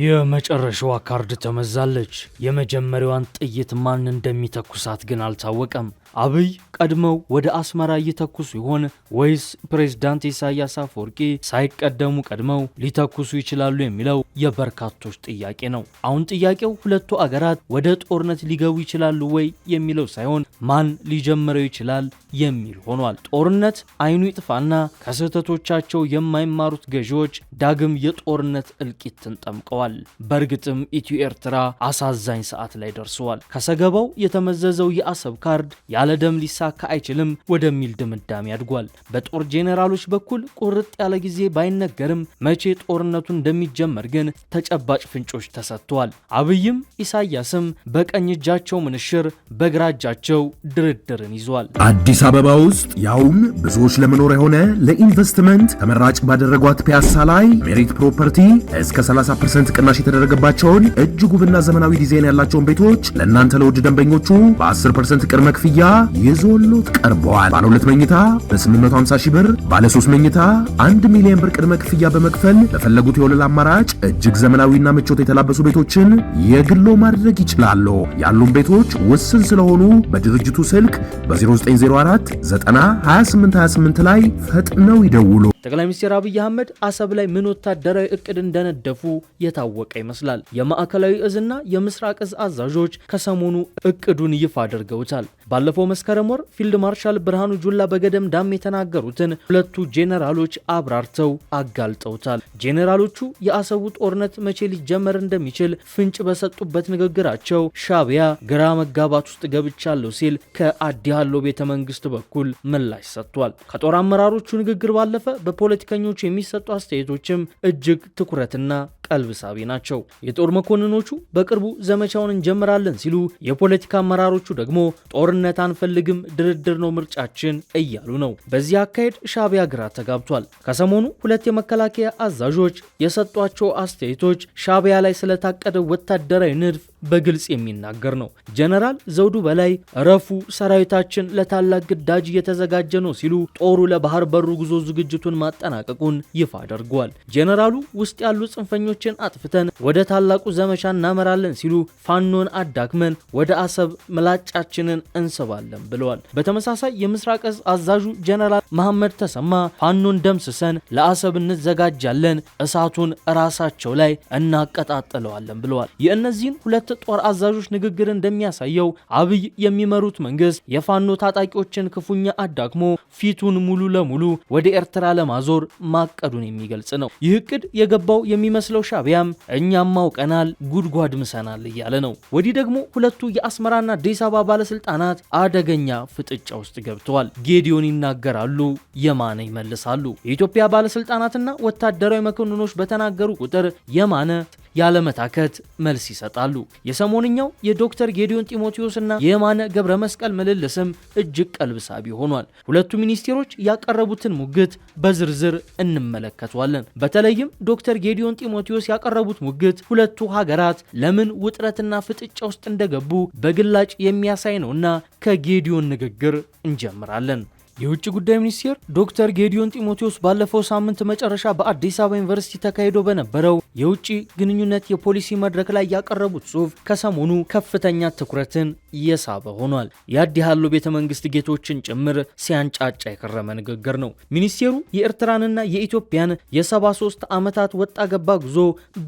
የመጨረሻዋ ካርድ ተመዛለች። የመጀመሪያዋን ጥይት ማን እንደሚተኩሳት ግን አልታወቀም። አብይ ቀድመው ወደ አስመራ እየተኩሱ ይሆን ወይስ ፕሬዝዳንት ኢሳያስ አፈወርቂ ሳይቀደሙ ቀድመው ሊተኩሱ ይችላሉ የሚለው የበርካቶች ጥያቄ ነው። አሁን ጥያቄው ሁለቱ አገራት ወደ ጦርነት ሊገቡ ይችላሉ ወይ የሚለው ሳይሆን ማን ሊጀምረው ይችላል የሚል ሆኗል። ጦርነት አይኑ ይጥፋና ከስህተቶቻቸው የማይማሩት ገዢዎች ዳግም የጦርነት እልቂትን ጠምቀዋል። በእርግጥም ኢትዮ ኤርትራ አሳዛኝ ሰዓት ላይ ደርሰዋል። ከሰገባው የተመዘዘው የአሰብ ካርድ ያለ ደም ሊሳካ አይችልም ወደሚል ድምዳሜ አድጓል። በጦር ጄኔራሎች በኩል ቁርጥ ያለ ጊዜ ባይነገርም መቼ ጦርነቱ እንደሚጀመር ግን ተጨባጭ ፍንጮች ተሰጥተዋል። አብይም ኢሳያስም በቀኝ እጃቸው ምንሽር፣ በግራ እጃቸው ድርድርን ይዟል። አዲስ አበባ ውስጥ ያውም ብዙዎች ለመኖር የሆነ ለኢንቨስትመንት ተመራጭ ባደረጓት ፒያሳ ላይ ሜሪት ፕሮፐርቲ እስከ 30 ቅናሽ የተደረገባቸውን እጅግ ውብና ዘመናዊ ዲዛይን ያላቸውን ቤቶች ለእናንተ ለውድ ደንበኞቹ በ10 ቅድመ ክፍያ ይዞሎት ቀርበዋል። ባለ ሁለት መኝታ በ850 ሺህ ብር፣ ባለ ሶስት መኝታ 1 ሚሊዮን ብር ቅድመ ክፍያ በመክፈል ለፈለጉት የወለል አማራጭ እጅግ ዘመናዊና ምቾት የተላበሱ ቤቶችን የግሎ ማድረግ ይችላሉ። ያሉን ቤቶች ውስን ስለሆኑ በድርጅቱ ስልክ በ0904 9 28 28 ላይ ፈጥነው ይደውሉ። ጠቅላይ ሚኒስትር አብይ አህመድ አሰብ ላይ ምን ወታደራዊ እቅድ እንደነደፉ የታወቀ ይመስላል። የማዕከላዊ እዝና የምስራቅ እዝ አዛዦች ከሰሞኑ እቅዱን ይፋ አድርገውታል። ባለፈው መስከረም ወር ፊልድ ማርሻል ብርሃኑ ጁላ በገደም ዳም የተናገሩትን ሁለቱ ጄኔራሎች አብራርተው አጋልጠውታል። ጄኔራሎቹ የአሰቡ ጦርነት መቼ ሊጀመር እንደሚችል ፍንጭ በሰጡበት ንግግራቸው ሻቢያ ግራ መጋባት ውስጥ ገብቻለሁ ሲል ከአዲ ሃሎ ቤተ መንግስት በኩል ምላሽ ሰጥቷል። ከጦር አመራሮቹ ንግግር ባለፈ ፖለቲከኞች የሚሰጡ አስተያየቶችም እጅግ ትኩረትና ቀልብ ሳቢ ናቸው። የጦር መኮንኖቹ በቅርቡ ዘመቻውን እንጀምራለን ሲሉ፣ የፖለቲካ አመራሮቹ ደግሞ ጦርነት አንፈልግም፣ ድርድር ነው ምርጫችን እያሉ ነው። በዚህ አካሄድ ሻቢያ ግራ ተጋብቷል። ከሰሞኑ ሁለት የመከላከያ አዛዦች የሰጧቸው አስተያየቶች ሻቢያ ላይ ስለታቀደ ወታደራዊ ንድፍ በግልጽ የሚናገር ነው። ጀነራል ዘውዱ በላይ እረፉ፣ ሰራዊታችን ለታላቅ ግዳጅ እየተዘጋጀ ነው ሲሉ ጦሩ ለባህር በሩ ጉዞ ዝግጅቱን ማጠናቀቁን ይፋ አድርጓል። ጀነራሉ ውስጥ ያሉ ጽንፈኞች ፋኖችን አጥፍተን ወደ ታላቁ ዘመቻ እናመራለን ሲሉ ፋኖን አዳክመን ወደ አሰብ ምላጫችንን እንስባለን ብለዋል። በተመሳሳይ የምስራቅ እዝ አዛዡ ጀነራል መሐመድ ተሰማ ፋኖን ደምስሰን ለአሰብ እንዘጋጃለን፣ እሳቱን ራሳቸው ላይ እናቀጣጥለዋለን ብለዋል። የእነዚህን ሁለት ጦር አዛዦች ንግግር እንደሚያሳየው አብይ የሚመሩት መንግስት የፋኖ ታጣቂዎችን ክፉኛ አዳክሞ ፊቱን ሙሉ ለሙሉ ወደ ኤርትራ ለማዞር ማቀዱን የሚገልጽ ነው። ይህ እቅድ የገባው የሚመስለው ሻቢያም እኛም አውቀናል ጉድጓድ ምሰናል እያለ ነው። ወዲህ ደግሞ ሁለቱ የአስመራና አዲስ አበባ ባለስልጣናት አደገኛ ፍጥጫ ውስጥ ገብተዋል። ጌዲዮን ይናገራሉ፣ የማነ ይመልሳሉ። የኢትዮጵያ ባለስልጣናትና ወታደራዊ መኮንኖች በተናገሩ ቁጥር የማነ ያለመታከት መልስ ይሰጣሉ። የሰሞንኛው የዶክተር ጌዲዮን ጢሞቴዎስና የማነ ገብረ መስቀል ምልልስም እጅግ ቀልብ ሳቢ ሆኗል። ሁለቱ ሚኒስቴሮች ያቀረቡትን ሙግት በዝርዝር እንመለከቷለን። በተለይም ዶክተር ጌዲዮን ጢሞቴዎስ ያቀረቡት ሙግት ሁለቱ ሀገራት ለምን ውጥረትና ፍጥጫ ውስጥ እንደገቡ በግላጭ የሚያሳይ ነውና ከጌዲዮን ንግግር እንጀምራለን። የውጭ ጉዳይ ሚኒስቴር ዶክተር ጌዲዮን ጢሞቴዎስ ባለፈው ሳምንት መጨረሻ በአዲስ አበባ ዩኒቨርሲቲ ተካሂዶ በነበረው የውጭ ግንኙነት የፖሊሲ መድረክ ላይ ያቀረቡት ጽሑፍ ከሰሞኑ ከፍተኛ ትኩረትን እየሳበ ሆኗል። የአዲ ቤተ መንግስት ጌቶችን ጭምር ሲያንጫጫ የከረመ ንግግር ነው። ሚኒስቴሩ የኤርትራንና የኢትዮጵያን የ73 ዓመታት ወጣ ገባ ጉዞ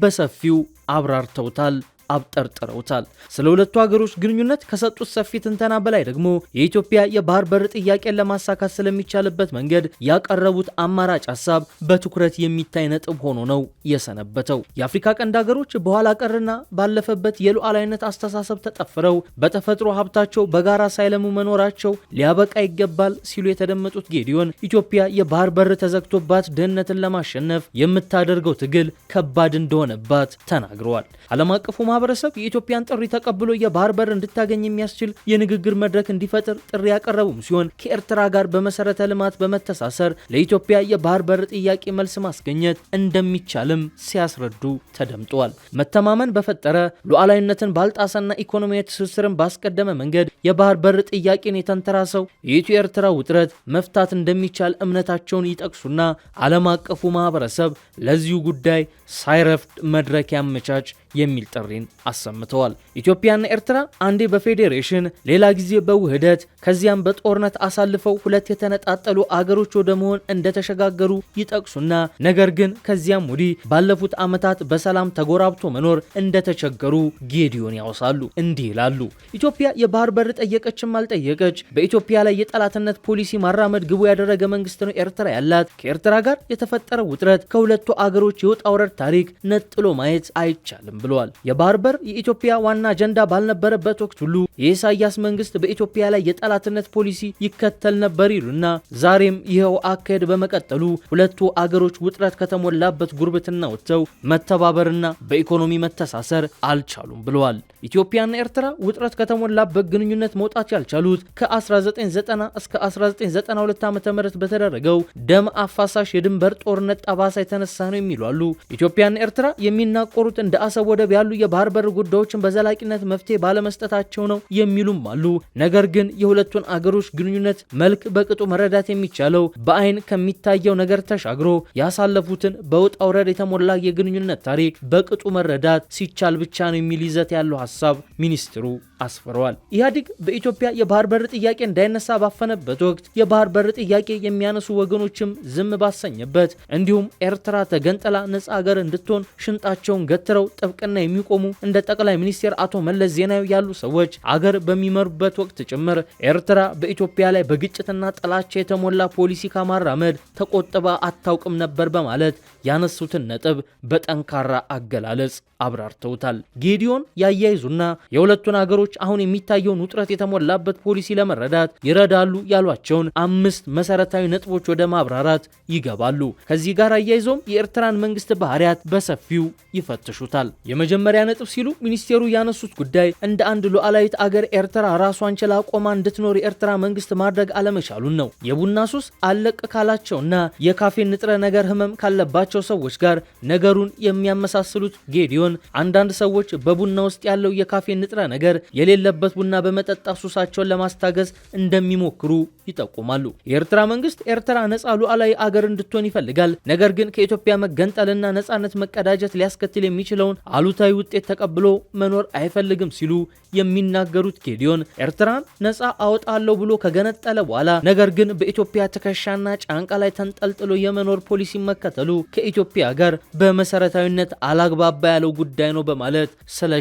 በሰፊው አብራርተውታል። አብጠርጥረውታል። ስለ ሁለቱ ሀገሮች ግንኙነት ከሰጡት ሰፊ ትንተና በላይ ደግሞ የኢትዮጵያ የባህር በር ጥያቄን ለማሳካት ስለሚቻልበት መንገድ ያቀረቡት አማራጭ ሀሳብ በትኩረት የሚታይ ነጥብ ሆኖ ነው የሰነበተው። የአፍሪካ ቀንድ ሀገሮች በኋላ ቀርና ባለፈበት የሉዓላዊነት አስተሳሰብ ተጠፍረው በተፈጥሮ ሀብታቸው በጋራ ሳይለሙ መኖራቸው ሊያበቃ ይገባል ሲሉ የተደመጡት ጌዲዮን ኢትዮጵያ የባህር በር ተዘግቶባት ድህነትን ለማሸነፍ የምታደርገው ትግል ከባድ እንደሆነባት ተናግረዋል። ዓለም አቀፉ ማ ማህበረሰብ የኢትዮጵያን ጥሪ ተቀብሎ የባህር በር እንድታገኝ የሚያስችል የንግግር መድረክ እንዲፈጥር ጥሪ ያቀረቡም ሲሆን ከኤርትራ ጋር በመሰረተ ልማት በመተሳሰር ለኢትዮጵያ የባህር በር ጥያቄ መልስ ማስገኘት እንደሚቻልም ሲያስረዱ ተደምጧል። መተማመን በፈጠረ ሉዓላዊነትን ባልጣሰና ኢኮኖሚያዊ ትስስርን ባስቀደመ መንገድ የባህር በር ጥያቄን የተንተራሰው የኢትዮ ኤርትራ ውጥረት መፍታት እንደሚቻል እምነታቸውን ይጠቅሱና ዓለም አቀፉ ማህበረሰብ ለዚሁ ጉዳይ ሳይረፍድ መድረክ ያመቻች የሚል ጥሪን አሰምተዋል። ኢትዮጵያና ኤርትራ አንዴ በፌዴሬሽን ሌላ ጊዜ በውህደት ከዚያም በጦርነት አሳልፈው ሁለት የተነጣጠሉ አገሮች ወደ መሆን እንደተሸጋገሩ ይጠቅሱና ነገር ግን ከዚያም ወዲህ ባለፉት ዓመታት በሰላም ተጎራብቶ መኖር እንደተቸገሩ ጌዲዮን ያወሳሉ። እንዲህ ይላሉ። ኢትዮጵያ የባህር በር ጠየቀችም አልጠየቀች በኢትዮጵያ ላይ የጠላትነት ፖሊሲ ማራመድ ግቡ ያደረገ መንግስት ነው ኤርትራ ያላት። ከኤርትራ ጋር የተፈጠረው ውጥረት ከሁለቱ አገሮች የውጣ ውረድ ታሪክ ነጥሎ ማየት አይቻልም ብለዋል። የባርበር የኢትዮጵያ ዋና አጀንዳ ባልነበረበት ወቅት ሁሉ የኢሳያስ መንግስት በኢትዮጵያ ላይ የጠላትነት ፖሊሲ ይከተል ነበር ይሉና ዛሬም ይኸው አካሄድ በመቀጠሉ ሁለቱ አገሮች ውጥረት ከተሞላበት ጉርብትና ወጥተው መተባበርና በኢኮኖሚ መተሳሰር አልቻሉም ብለዋል። ኢትዮጵያና ኤርትራ ውጥረት ከተሞላበት ግንኙነት መውጣት ያልቻሉት ከ1990 እስከ 1992 ዓ ም በተደረገው ደም አፋሳሽ የድንበር ጦርነት ጠባሳ የተነሳ ነው የሚሉ አሉ። ኢትዮጵያና ኤርትራ የሚናቆሩት እንደ አሰ ወደብ ያሉ የባህር በር ጉዳዮችን በዘላቂነት መፍትሄ ባለመስጠታቸው ነው የሚሉም አሉ። ነገር ግን የሁለቱን አገሮች ግንኙነት መልክ በቅጡ መረዳት የሚቻለው በአይን ከሚታየው ነገር ተሻግሮ ያሳለፉትን በውጣ ውረድ የተሞላ የግንኙነት ታሪክ በቅጡ መረዳት ሲቻል ብቻ ነው የሚል ይዘት ያለው ሀሳብ ሚኒስትሩ አስፍረዋል። ኢህአዲግ በኢትዮጵያ የባህር በር ጥያቄ እንዳይነሳ ባፈነበት ወቅት የባህር በር ጥያቄ የሚያነሱ ወገኖችም ዝም ባሰኘበት፣ እንዲሁም ኤርትራ ተገንጥላ ነጻ ሀገር እንድትሆን ሽንጣቸውን ገትረው ጥብቅ በቅና የሚቆሙ እንደ ጠቅላይ ሚኒስትር አቶ መለስ ዜናዊ ያሉ ሰዎች አገር በሚመሩበት ወቅት ጭምር ኤርትራ በኢትዮጵያ ላይ በግጭትና ጥላቻ የተሞላ ፖሊሲ ከማራመድ ተቆጥባ አታውቅም ነበር በማለት ያነሱትን ነጥብ በጠንካራ አገላለጽ አብራርተውታል። ጌዲዮን ያያይዙና የሁለቱን አገሮች አሁን የሚታየውን ውጥረት የተሞላበት ፖሊሲ ለመረዳት ይረዳሉ ያሏቸውን አምስት መሰረታዊ ነጥቦች ወደ ማብራራት ይገባሉ። ከዚህ ጋር አያይዞም የኤርትራን መንግስት ባህሪያት በሰፊው ይፈትሹታል። የመጀመሪያ ነጥብ ሲሉ ሚኒስቴሩ ያነሱት ጉዳይ እንደ አንድ ሉዓላዊት አገር ኤርትራ ራሷን ችላ ቆማ እንድትኖር የኤርትራ መንግስት ማድረግ አለመቻሉን ነው። የቡና ሱስ አለቅ ካላቸውና የካፌን ንጥረ ነገር ህመም ካለባቸው ሰዎች ጋር ነገሩን የሚያመሳስሉት ጌዲዮን አንዳንድ ሰዎች በቡና ውስጥ ያለው የካፌን ንጥረ ነገር የሌለበት ቡና በመጠጣት ሱሳቸውን ለማስታገዝ እንደሚሞክሩ ይጠቁማሉ። የኤርትራ መንግስት ኤርትራ ነጻ ሉዓላዊ አገር እንድትሆን ይፈልጋል። ነገር ግን ከኢትዮጵያ መገንጠልና ነጻነት መቀዳጀት ሊያስከትል የሚችለውን አሉታዊ ውጤት ተቀብሎ መኖር አይፈልግም ሲሉ የሚናገሩት ጌዲዮን ኤርትራን ነፃ አወጣለሁ ብሎ ከገነጠለ በኋላ ነገር ግን በኢትዮጵያ ትከሻና ጫንቃ ላይ ተንጠልጥሎ የመኖር ፖሊሲ መከተሉ ከኢትዮጵያ ጋር በመሰረታዊነት አላግባባ ያለው ጉዳይ ነው በማለት ስለ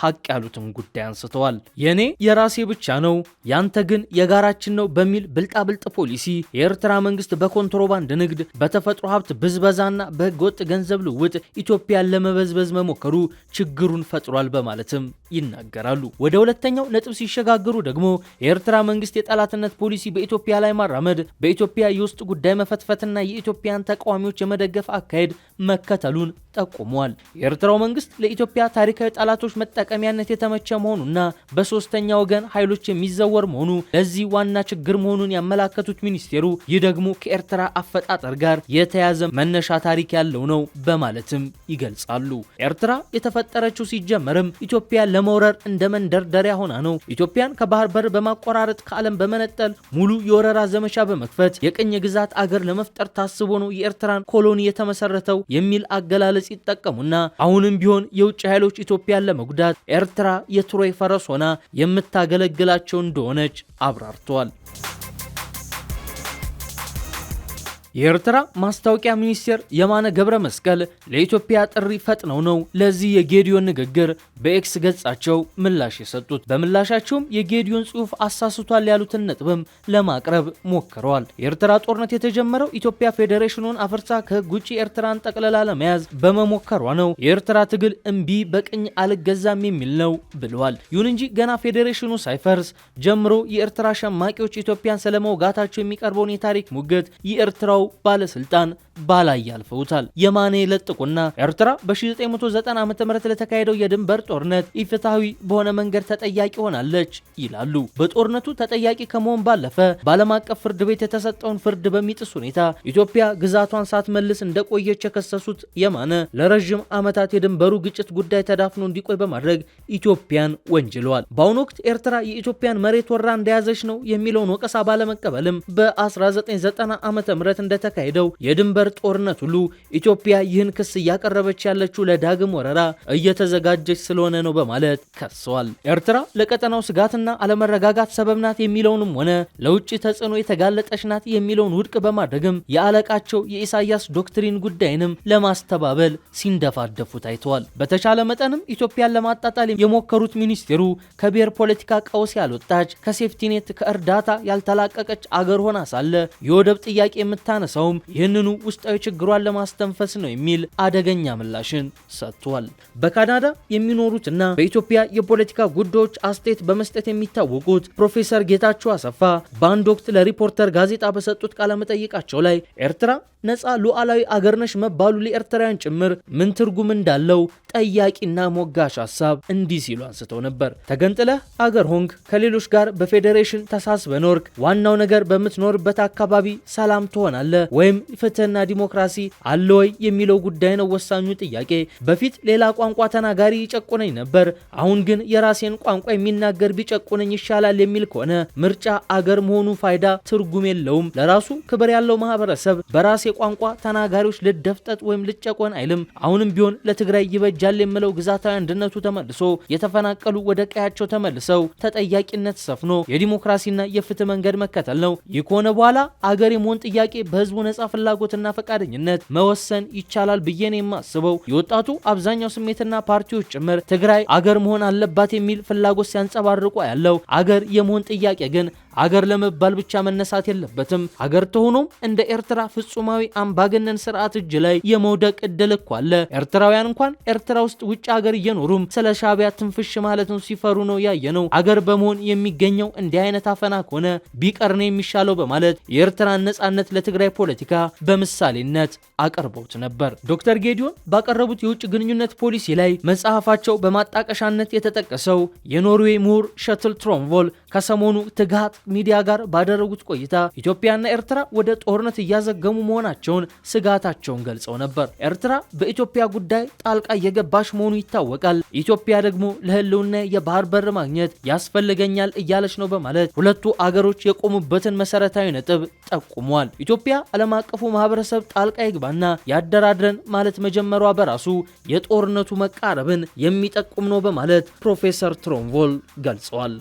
ሀቅ ያሉትን ጉዳይ አንስተዋል። የእኔ የራሴ ብቻ ነው፣ ያንተ ግን የጋራችን ነው በሚል ብልጣብልጥ ፖሊሲ የኤርትራ መንግስት በኮንትሮባንድ ንግድ፣ በተፈጥሮ ሀብት ብዝበዛና በህገወጥ ገንዘብ ልውውጥ ኢትዮጵያን ለመበዝበዝ መሞከሩ ችግሩን ፈጥሯል በማለትም ይናገራሉ። ወደ ሁለተኛው ነጥብ ሲሸጋገሩ ደግሞ የኤርትራ መንግስት የጠላትነት ፖሊሲ በኢትዮጵያ ላይ ማራመድ፣ በኢትዮጵያ የውስጥ ጉዳይ መፈትፈትና የኢትዮጵያን ተቃዋሚዎች የመደገፍ አካሄድ መከተሉን ጠቁመዋል። የኤርትራው መንግስት ለኢትዮጵያ ታሪካዊ ጠላቶች መጠቀ ለመጠቀሚያነት የተመቸ መሆኑ እና በሶስተኛ ወገን ኃይሎች የሚዘወር መሆኑ ለዚህ ዋና ችግር መሆኑን ያመላከቱት ሚኒስቴሩ ይህ ደግሞ ከኤርትራ አፈጣጠር ጋር የተያዘ መነሻ ታሪክ ያለው ነው በማለትም ይገልጻሉ። ኤርትራ የተፈጠረችው ሲጀመርም ኢትዮጵያ ለመውረር እንደ መንደርደሪያ ሆና ነው። ኢትዮጵያን ከባህር በር በማቆራረጥ ከዓለም በመነጠል ሙሉ የወረራ ዘመቻ በመክፈት የቅኝ ግዛት አገር ለመፍጠር ታስቦ ነው የኤርትራን ኮሎኒ የተመሰረተው የሚል አገላለጽ ይጠቀሙና አሁንም ቢሆን የውጭ ኃይሎች ኢትዮጵያን ለመጉዳት ኤርትራ የትሮይ ፈረስ ሆና የምታገለግላቸው እንደሆነች አብራርተዋል። የኤርትራ ማስታወቂያ ሚኒስቴር የማነ ገብረ መስቀል ለኢትዮጵያ ጥሪ ፈጥነው ነው ለዚህ የጌዲዮን ንግግር በኤክስ ገጻቸው ምላሽ የሰጡት። በምላሻቸውም የጌዲዮን ጽሑፍ አሳስቷል ያሉትን ነጥብም ለማቅረብ ሞክረዋል። የኤርትራ ጦርነት የተጀመረው ኢትዮጵያ ፌዴሬሽኑን አፍርሳ ከህግ ውጭ ኤርትራን ጠቅልላ ለመያዝ በመሞከሯ ነው። የኤርትራ ትግል እምቢ በቅኝ አልገዛም የሚል ነው ብለዋል። ይሁን እንጂ ገና ፌዴሬሽኑ ሳይፈርስ ጀምሮ የኤርትራ ሸማቂዎች ኢትዮጵያን ስለመውጋታቸው የሚቀርበውን የታሪክ ሙገት የኤርትራው ባለስልጣን ባላይ ያልፈውታል። የማኔ ለጥቁና ኤርትራ በ1990 ዓ ም ለተካሄደው የድንበር ጦርነት ኢፍትሐዊ በሆነ መንገድ ተጠያቂ ሆናለች ይላሉ። በጦርነቱ ተጠያቂ ከመሆን ባለፈ በዓለም አቀፍ ፍርድ ቤት የተሰጠውን ፍርድ በሚጥስ ሁኔታ ኢትዮጵያ ግዛቷን ሳትመልስ እንደቆየች የከሰሱት የማነ ለረዥም ዓመታት የድንበሩ ግጭት ጉዳይ ተዳፍኖ እንዲቆይ በማድረግ ኢትዮጵያን ወንጅለዋል። በአሁኑ ወቅት ኤርትራ የኢትዮጵያን መሬት ወራ እንደያዘች ነው የሚለውን ወቀሳ ባለመቀበልም በ1990 ዓ ም እንደ እንደተካሄደው የድንበር ጦርነት ሁሉ ኢትዮጵያ ይህን ክስ እያቀረበች ያለችው ለዳግም ወረራ እየተዘጋጀች ስለሆነ ነው በማለት ከሰዋል። ኤርትራ ለቀጠናው ስጋትና አለመረጋጋት ሰበብ ናት የሚለውንም ሆነ ለውጭ ተጽዕኖ የተጋለጠች ናት የሚለውን ውድቅ በማድረግም የአለቃቸው የኢሳያስ ዶክትሪን ጉዳይንም ለማስተባበል ሲንደፋደፉ ታይተዋል። በተቻለ መጠንም ኢትዮጵያን ለማጣጣል የሞከሩት ሚኒስቴሩ ከብሔር ፖለቲካ ቀውስ ያልወጣች ከሴፍቲኔት ከእርዳታ ያልተላቀቀች አገር ሆና ሳለ የወደብ ጥያቄ የምታነ ብታነሳውም ይህንኑ ውስጣዊ ችግሯን ለማስተንፈስ ነው የሚል አደገኛ ምላሽን ሰጥቷል። በካናዳ የሚኖሩት እና በኢትዮጵያ የፖለቲካ ጉዳዮች አስተያየት በመስጠት የሚታወቁት ፕሮፌሰር ጌታቸው አሰፋ በአንድ ወቅት ለሪፖርተር ጋዜጣ በሰጡት ቃለመጠይቃቸው ላይ ኤርትራ ነፃ ሉዓላዊ አገርነሽ መባሉ ለኤርትራውያን ጭምር ምን ትርጉም እንዳለው ጠያቂና ሞጋሽ ሀሳብ እንዲህ ሲሉ አንስተው ነበር። ተገንጥለህ አገር ሆንክ፣ ከሌሎች ጋር በፌዴሬሽን ተሳስበ ኖርክ፣ ዋናው ነገር በምትኖርበት አካባቢ ሰላም ትሆናል አለ ወይም ፍትህና ዲሞክራሲ አለ ወይ የሚለው ጉዳይ ነው ወሳኙ ጥያቄ። በፊት ሌላ ቋንቋ ተናጋሪ ይጨቁነኝ ነበር፣ አሁን ግን የራሴን ቋንቋ የሚናገር ቢጨቁነኝ ይሻላል የሚል ከሆነ ምርጫ አገር መሆኑ ፋይዳ ትርጉም የለውም። ለራሱ ክብር ያለው ማህበረሰብ በራሴ ቋንቋ ተናጋሪዎች ልደፍጠጥ ወይም ልጨቆን አይልም። አሁንም ቢሆን ለትግራይ ይበጃል የምለው ግዛታዊ አንድነቱ ተመልሶ የተፈናቀሉ ወደ ቀያቸው ተመልሰው ተጠያቂነት ሰፍኖ የዲሞክራሲና የፍትህ መንገድ መከተል ነው። ይህ ከሆነ በኋላ አገር የመሆን ጥያቄ በህዝቡ ነጻ ፍላጎትና ፈቃደኝነት መወሰን ይቻላል ብዬ ነው የማስበው። የወጣቱ አብዛኛው ስሜትና ፓርቲዎች ጭምር ትግራይ አገር መሆን አለባት የሚል ፍላጎት ሲያንጸባርቁ ያለው አገር የመሆን ጥያቄ ግን አገር ለመባል ብቻ መነሳት የለበትም። አገር ተሆኖም እንደ ኤርትራ ፍጹማዊ አምባገነን ስርዓት እጅ ላይ የመውደቅ እድል እኮ አለ። ኤርትራውያን እንኳን ኤርትራ ውስጥ ውጭ አገር እየኖሩም ስለ ሻቢያ ትንፍሽ ማለት ነው ሲፈሩ ነው ያየ ነው። አገር በመሆን የሚገኘው እንዲህ አይነት አፈና ከሆነ ቢቀር ነው የሚሻለው በማለት የኤርትራን ነጻነት ለትግራይ ፖለቲካ በምሳሌነት አቅርበውት ነበር። ዶክተር ጌዲዮን ባቀረቡት የውጭ ግንኙነት ፖሊሲ ላይ መጽሐፋቸው በማጣቀሻነት የተጠቀሰው የኖርዌይ ምሁር ሸትል ትሮንቮል ከሰሞኑ ትጋት ሚዲያ ጋር ባደረጉት ቆይታ ኢትዮጵያና ኤርትራ ወደ ጦርነት እያዘገሙ መሆናቸውን ስጋታቸውን ገልጸው ነበር። ኤርትራ በኢትዮጵያ ጉዳይ ጣልቃ እየገባች መሆኑ ይታወቃል። ኢትዮጵያ ደግሞ ለህልውና የባህር በር ማግኘት ያስፈልገኛል እያለች ነው በማለት ሁለቱ አገሮች የቆሙበትን መሰረታዊ ነጥብ ጠቁሟል። ኢትዮጵያ ዓለም አቀፉ ማህበረሰብ ጣልቃ ይግባል ያግባና ያደራድረን ማለት መጀመሯ በራሱ የጦርነቱ መቃረብን የሚጠቁም ነው በማለት ፕሮፌሰር ትሮንቮል ገልጸዋል።